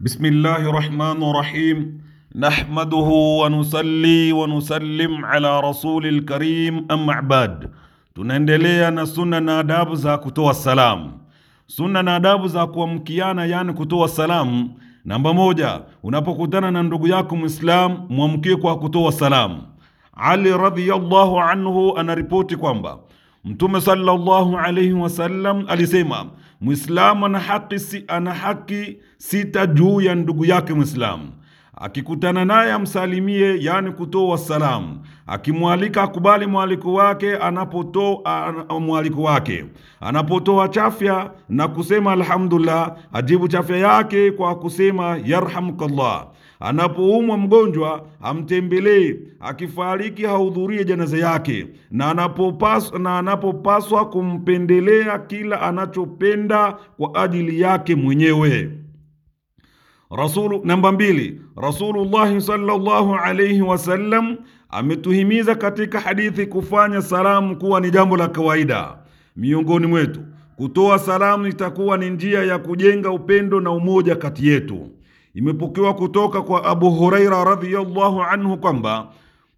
بسم الله الرحمن الرحيم نحمده ونصلي ونسلم ala rasuli lkarim amma bad. Tunaendelea na sunna na adabu za kutoa salamu. Sunna na adabu za kuamkiana, yani kutoa salamu. Namba moja, unapokutana na ndugu yako Muislamu mwamkie kwa kutoa salamu. Ali radhiyallahu anhu anaripoti kwamba Mtume sallallahu alaihi wasallam alisema Mwislamu ana haki, si ana haki sita juu ya ndugu yake Mwislamu. Akikutana naye amsalimie, yani kutoa salamu. Akimwalika akubali mwaliko wake, anapotoa mwaliko wake, anapotoa chafya na kusema alhamdulillah, ajibu chafya yake kwa kusema yarhamukallah. Anapoumwa mgonjwa amtembelee, akifariki hahudhurie janaza yake, na anapopaswa na anapopaswa kumpendelea kila anachopenda kwa ajili yake mwenyewe. Rasulu. Namba mbili, Rasulullahi sallallahu alayhi wasallam ametuhimiza katika hadithi kufanya salamu kuwa ni jambo la kawaida miongoni mwetu. Kutoa salamu itakuwa ni njia ya kujenga upendo na umoja kati yetu. Imepokewa kutoka kwa Abu Huraira radhiyallahu anhu kwamba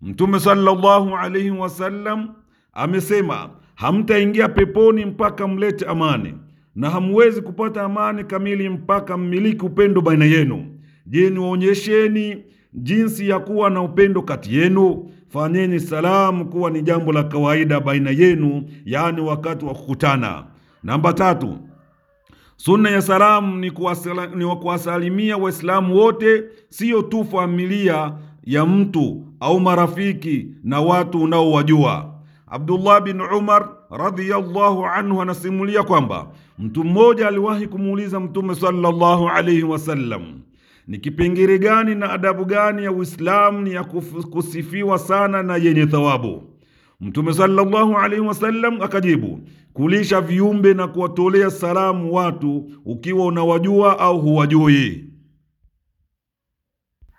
Mtume sallallahu alayhi wasallam amesema, hamtaingia peponi mpaka mlete amani na hamwezi kupata amani kamili mpaka mmiliki upendo baina yenu. Je, niwaonyesheni jinsi ya kuwa na upendo kati yenu? Fanyeni salamu kuwa ni jambo la kawaida baina yenu, yaani wakati wa kukutana. Namba tatu, sunna ya salamu ni, kuwasala, ni kuwasalimia Waislamu wote, siyo tu familia ya mtu au marafiki na watu unaowajua. Abdullah bin Umar radhiyallahu anhu anasimulia kwamba mtu mmoja aliwahi kumuuliza Mtume sallallahu alaihi wasallam, ni kipingiri gani na adabu gani ya Uislamu ni ya kusifiwa sana na yenye thawabu? Mtume sallallahu alaihi wasallam akajibu, kulisha viumbe na kuwatolea salamu watu ukiwa unawajua au huwajui.